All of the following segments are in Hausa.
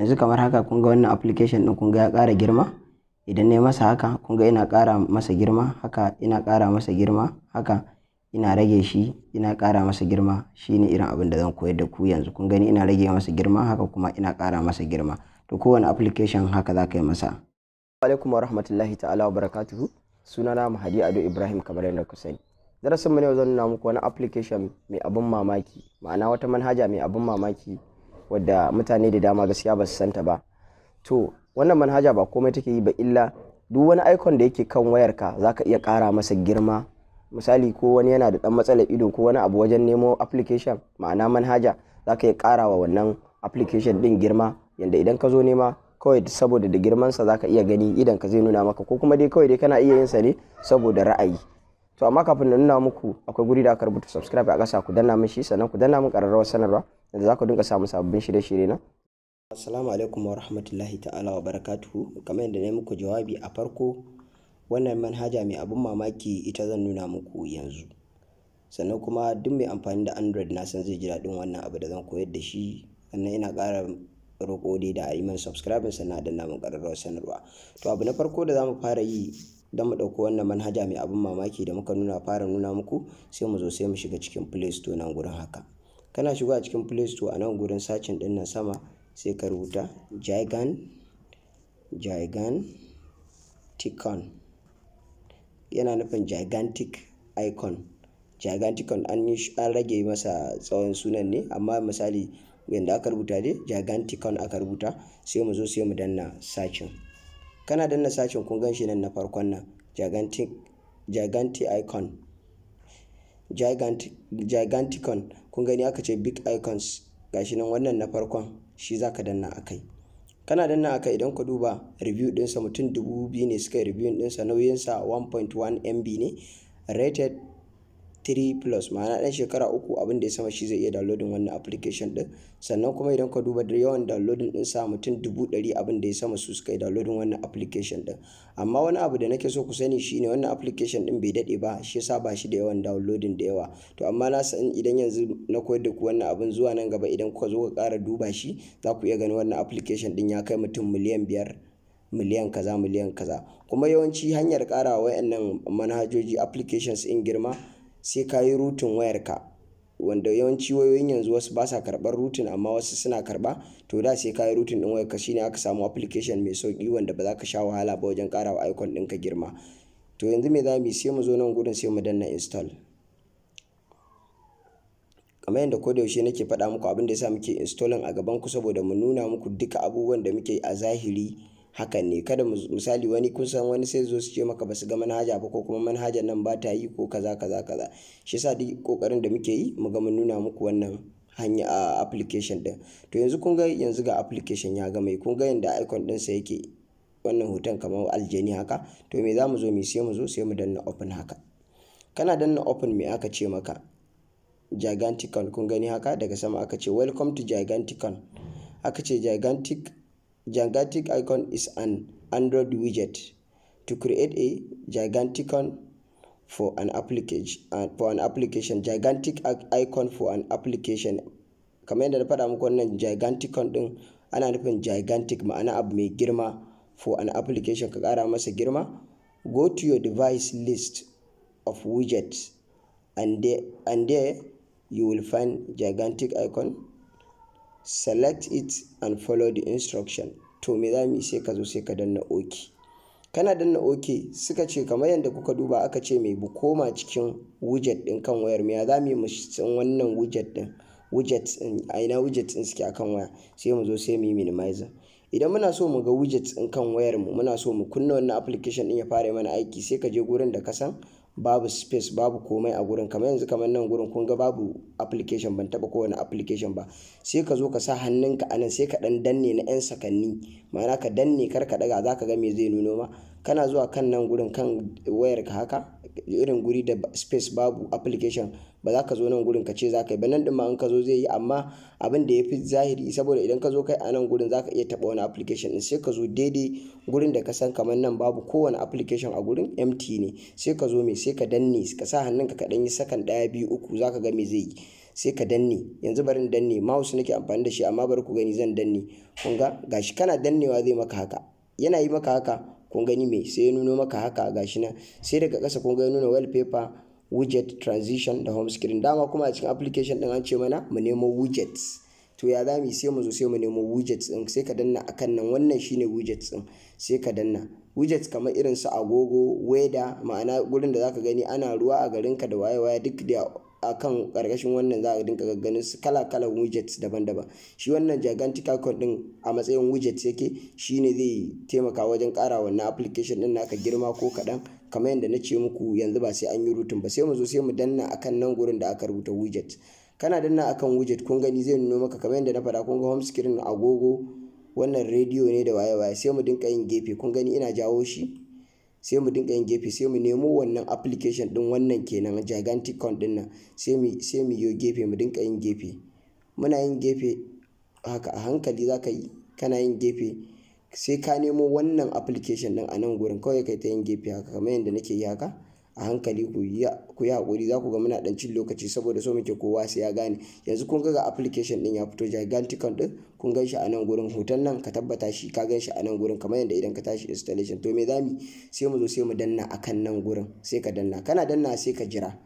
yanzu kamar haka kun ga wannan application din kun ga ya ƙara girma idan na masa haka kun ga ina ƙara masa girma haka ina ƙara masa girma haka ina rage shi ina ƙara masa girma shi ne irin abin da zan koyar da ku yanzu kun gani ina rage masa girma haka kuma ina ƙara masa girma to kowane application haka za ka yi masa alaikum warahmatullahi ta'ala wa barakatuhu sunana Mahadi Ado Ibrahim kamar yadda ku sani darasin mu ne zan nuna muku wani application mai abin mamaki ma'ana wata manhaja mai abin mamaki wadda mutane da dama gaskiya ba su santa ba to wannan manhaja ba komai take yi ba illa duk wani icon da yake kan wayarka za ka iya kara masa girma misali ko wani yana da ɗan matsalar ido ko wani abu wajen nemo application ma'ana manhaja za ka iya ƙara wa wannan application ɗin girma yanda idan ka zo nema kawai saboda da girmansa za ka iya gani idan ka zai nuna maka ko kuma dai kawai dai kana iya yin sa ne saboda ra'ayi to amma kafin na nuna muku akwai guri da aka rubuta subscribe a ƙasa ku danna min shi sannan ku danna min ƙararrawar sanarwa da za ku dinga samun sababbin shirye-shirye na assalamu alaikum wa rahmatullahi ta'ala wa barakatuhu kamar yadda na muku jawabi a farko wannan manhaja mai abun mamaki ita zan nuna muku yanzu sannan kuma duk mai amfani da android na san zai ji daɗin wannan abu da zan koyar da shi sannan ina ƙara roƙo dai da a yi man subscribing sannan a danna min ƙararrawar sanarwa to abu na farko da za mu fara yi don mu ɗauko wannan manhaja mai abin mamaki da muka nuna fara nuna muku sai mu zo sai mu shiga cikin play store nan gurin haka kana shigo a cikin play store a nan gurin sacin ɗin nan sama sai ka rubuta gigan giganticon yana nufin gigantic icon giganticon an rage masa tsawon sunan ne amma misali yadda aka rubuta dai giganticon aka rubuta sai mu zo sai mu danna sacin kana danna sashen kun gan shi nan na farkon nan gigantic icon giganticon kun gani aka ce big icons gashi nan wannan na farkon shi za ka danna a akai kana danna kai idan ka duba review dinsa mutum dubu biyu ne suka yi review dinsa nauyinsa 1.1 MB ne rated 3 plus ma'ana ɗan shekara uku abin da ya sama shi zai iya downloadin wannan application ɗin sannan kuma idan ka duba da yawan downloadin ɗin sa mutum dubu ɗari abin da ya sama su suka yi downloadin wannan application ɗin amma wani abu da nake so ku sani shi shine wannan application ɗin bai daɗe ba shi yasa ba shi da yawan downloadin da yawa to amma na san idan yanzu na koyar da ku wannan abin zuwa nan gaba idan kuka zo ka ƙara duba shi za ku iya ganin wannan application ɗin ya kai mutum miliyan biyar miliyan kaza miliyan kaza kuma yawanci hanyar karawa wa'annan manhajoji applications in girma sai ka yi rutin wayarka wanda yawanci wayoyin yanzu wasu ba sa karɓar rutin amma wasu suna karɓa to da sai ka yi rutin ɗin wayarka shine aka samu application mai sauƙi wanda ba za ka sha wahala ba wajen ƙara wa icon ka girma to yanzu me za mu sai mu zo nan gurin sai mu danna install kamar yadda ko da yaushe nake faɗa muku abin da yasa muke installing a gaban ku saboda mu nuna muku duka abubuwan da muke a zahiri hakan ne kada misali wani kun san wani sai zo su ce maka basu ga manhaja ba ko kuma manhajar nan ba ta yi ko kaza kaza kaza shi yasa duk kokarin da muke yi mu ga mun nuna muku wannan hanya a application din to yanzu kun ga yanzu ga application ya gama kun ga yanda icon din sa yake wannan hoton kamar aljani haka to me za mu zo mu sai mu zo sai mu danna open haka kana danna open me aka ce maka giganticon kun gani haka daga sama aka ce welcome to giganticon aka ce gigantic Gigantic icon is an Android widget to create a Giganticon for an uh, application Gigantic icon for an application kamar yadda na faɗa muku wannan Giganticon ɗin ana nufin Gigantic ma'ana abu mai girma for an application ka ƙara masa girma go to your device list of widgets and there, and there you will find Gigantic icon select it and follow the instruction to me za mu sai ka zo sai ka danna ok kana danna ok suka ce kamar yadda kuka duba aka ce mai bu koma cikin widget din kan wayar mu ya za mu yi wannan widget din widget din a widget din suke akan waya sai mu zo sai mu yi minimizer idan muna so mu ga widget din kan wayar mu muna so mu kunna wannan application din ya fara mana aiki sai ka je gurin da ka san babu space babu komai a gurin kamar yanzu kamar nan gurin kun ga babu application ban taba kowane application ba sai ka zo ka sa hannunka a nan sai ka dan danne na 'yan sakanni ma'ana ka danne kar ka daga za ka ga me zai nuno ma kana zuwa kan nan gurin kan wayarka haka irin guri da space babu application ba za ka zo nan gurin ka ce za ka yi ba nan ma in ka zo zai yi amma abin da ya fi zahiri saboda idan ka zo kai a nan gurin za ka iya taɓa wani application sai ka zo daidai gurin da ka san kamar nan babu kowane application a gurin mt ne sai ka zo mai sai ka danne ka sa hannunka ka kaɗan yi sakan ɗaya biyu uku za ka ga me zai yi sai ka danne yanzu barin danne mouse nake amfani da shi amma bari ku gani zan danne kun ga gashi kana dannewa zai maka haka yana yi maka haka kun gani me sai ya nuno maka haka gashi nan sai daga ƙasa kun ga ya nuna wallpaper widget transition da home screen dama kuma a cikin application din an ce mana mu nemo widgets to ya za mu sai mu zo sai mu nemo widgets din sai ka danna akan nan wannan shine widgets din sai ka danna widgets kamar irin su agogo weather ma'ana gurin da zaka gani ana ruwa a garin ka da waye waye duk da a kan karkashin wannan za a dinka gagganin su kala kala widgets daban-daban shi wannan gigantic icon din a matsayin widget yake shine zai taimaka wajen kara wannan application din naka girma ko kadan kamar yadda na ce muku yanzu ba sai an yi rutun ba sai mu zo sai mu danna akan nan gurin da aka rubuta widget kana danna akan widget kun gani zai nuno maka kamar yadda na faɗa kun ga home screen agogo wannan rediyo ne da waye-waye sai mu dinka yin gefe kun gani ina jawo shi sai mu dinga yin gefe sai mu nemo wannan application din wannan kenan gigantic con din nan sai mu yi gefe mu dinga yin gefe muna yin gefe haka a hankali za ka yi kana yin gefe sai ka nemo wannan application din a nan gurin kawai kai ta yin gefe haka kamar yadda nake yi haka a hankali ku yi hakuri za ku ga muna dan cin lokaci saboda so muke kowa sai ya gane yanzu kun ga application din ya fito gigantican din kun gan shi a nan gurin hoton nan ka tabbata shi ka gan shi a nan gurin kamar yadda idan ka tashi installation to me zamu sai mu zo sai mu danna a kan nan gurin sai ka danna kana danna sai ka jira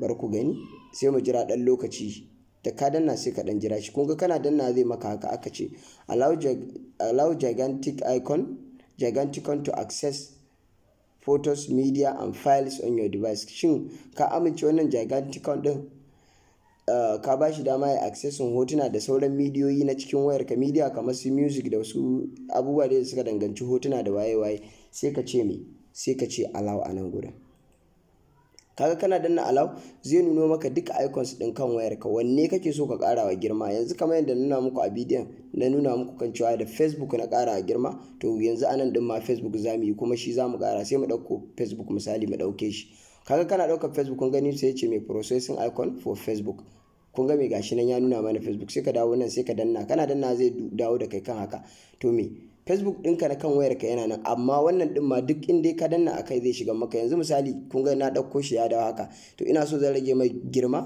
bar ku gani sai mu jira dan lokaci da ka danna sai ka dan jira shi kun ga kana danna zai maka haka aka ce allow gigantic icon gigantic to access photos media and files on your device shin ka amince wannan giganticon din eh, ka ba shi dama ya accessin hotuna da sauran midiyoyi na cikin wayar ka media kamar su music da wasu abubuwa da suka danganci hotuna da waye-waye sai ka ce me sai ka ce allow a nan gurin kaga kana danna allow zai nuno maka duka icons din kan wayar ka wanne kake so ka kara wa girma yanzu kamar yadda nuna muku a bidiyon na nuna muku kan cewa da facebook na kara wa girma to yanzu anan din ma facebook zamu yi kuma shi zamu kara sai mu dauko facebook misali mu dauke shi kaga kana daukar facebook kun gani sai ya ce mai processing icon for facebook kun ga mai gashi nan ya nuna mana facebook sai ka dawo nan sai ka danna kana danna zai dawo da kai kan haka to me facebook ɗinka na kan wayarka yana nan amma wannan ɗin ma duk inda ka danna a kai zai shiga maka yanzu misali kun ga na ɗauko shi ya dawo haka to ina so zan rage mai girma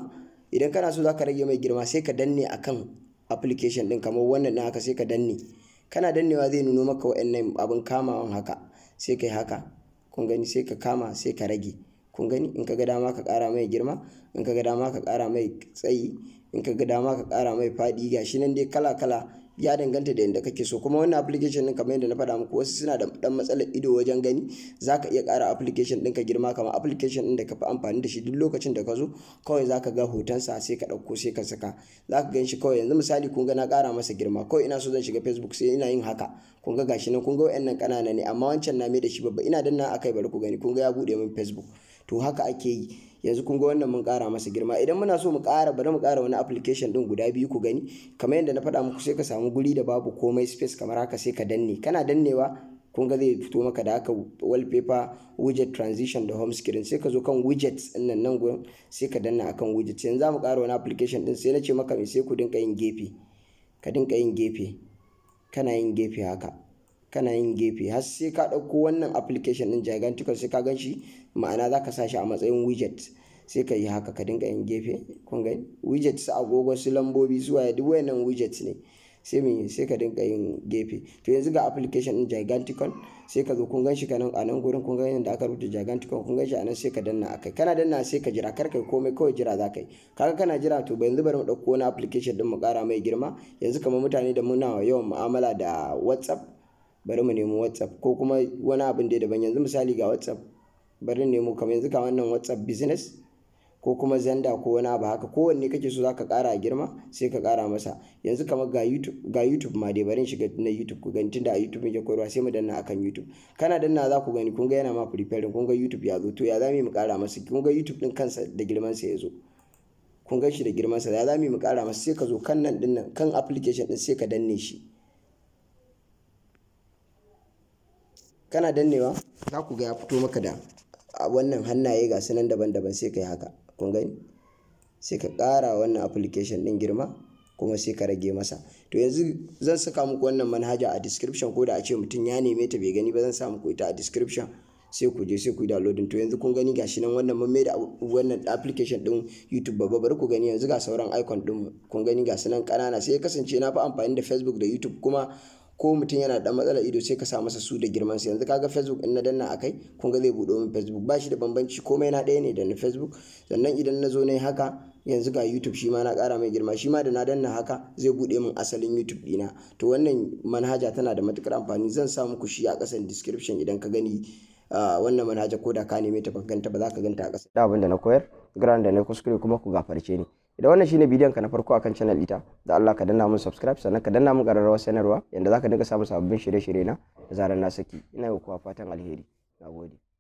idan kana so zaka rage mai girma sai ka danne akan application ɗin kamar wannan na haka sai ka danne kana dannewa zai nuno maka wa'annan abin kamawan haka sai kai haka kun gani sai ka kama sai ka rage kun gani in ka ga dama ka ƙara mai girma in ka ga dama ka ƙara mai tsayi in ka ga dama ka ƙara mai faɗi gashi nan dai kala kala ya danganta da yadda kake so kuma wannan application din kamar yadda na faɗa muku wasu suna da dan matsalar ido wajen gani zaka iya ƙara application din ka girma kamar application din da ka fi amfani da shi duk lokacin da ka zo kawai zaka ga hoton sa sai ka ɗauko sai ka saka zaka gan shi kawai yanzu misali kun ga na ƙara masa girma kawai ina so zan shiga facebook sai ina yin haka kun ga gashi nan kun ga wayannan ƙanana ne amma wancan na mai da shi babba ina danna akai bari ku gani kun ga ya buɗe min facebook to haka ake yi yanzu kun ga wannan mun kara masa girma idan muna so mu kara bari mu kara wani application din guda biyu ku gani kamar yadda na faɗa muku sai ka samu guri da babu komai space kamar haka sai ka danne kana dannewa kun ga zai fito maka da haka wallpaper widget transition da home screen sai ka zo kan widgets din nan nan gurin sai ka danna akan widgets yanzu za mu kara wani application din sai na ce maka sai ku dinka yin gefe ka dinka yin gefe kana yin gefe haka kana yin gefe har sai ka ɗauko wannan application ɗin gigantical sai ka gan shi ma'ana za ka sa shi a matsayin widget sai ka yi haka ka dinga yin gefe kun gani widget su agogo su lambobi su waye duk wayannan widget ne sai mu sai ka dinga yin gefe to yanzu ga application ɗin gigantical sai ka zo kun gan shi kanan a nan gurin kun gan da aka rubuta gigantical kun gan shi a nan sai ka danna akai kana danna sai ka jira kar kai komai kawai jira za ka yi kaga kana jira to ba yanzu bari mu ɗauko wani application ɗin mu ƙara mai girma yanzu kamar mutane da muna yawan mu'amala da whatsapp bari mu nemo WhatsApp ko kuma wani abin da daban yanzu misali ga WhatsApp bari nemo kamar yanzu ka wannan WhatsApp business ko kuma zanda ko wani abu haka kowanne kake so zaka kara a girma sai ka kara masa yanzu kamar ga YouTube ga YouTube ma dai barin shiga na YouTube ku gani tunda a YouTube yake koyarwa sai mu danna akan YouTube kana danna za ku gani kun ga yana ma preparing kun ga YouTube ya zo to ya zame mu kara masa kun ga YouTube din kansa da girman sa ya zo kun ga shi da girman sa ya zame mu kara masa sai ka zo kan nan din nan kan application din sai ka danne shi kana dannewa za ku ga ya fito maka da wannan hannaye ga sunan daban-daban sai ka yi haka kun gani sai ka ƙara wannan application ɗin girma kuma sai ka rage masa to yanzu zan saka muku wannan manhaja a description ko da a ce mutum ya neme ta bai gani ba zan sa muku ita a description sai ku je sai ku yi downloading to yanzu kun gani gashi nan wannan mai da wannan application din YouTube babba bari ku gani yanzu ga sauran icon din kun gani gasu nan kanana sai ya kasance na fi amfani da Facebook da YouTube kuma ko mutum yana da matsalar ido sai ka sa masa su da girman sa yanzu kaga facebook in na danna akai kun ga zai buɗe min facebook ba shi da bambanci komai na ɗaya ne da na facebook sannan idan na zo na yi haka yanzu ga youtube shi ma na ƙara mai girma shi ma da na danna haka zai buɗe min asalin youtube dina to wannan manhaja tana da matukar amfani zan sa muku shi a ƙasan description idan ka gani wannan manhaja ko da ka neme ta ba ganta ba za ka ganta a ƙasa da abin da na koyar grand da na kuskure kuma ku gafarce ni da wannan shine bidiyon ka na farko akan channel ita da Allah ka danna mun subscribe sannan ka danna mun kararrawar sanarwa yanda zaka dinga samun sababbin shirye-shirye na da zarar na saki ina yi kowa fatan alheri nagode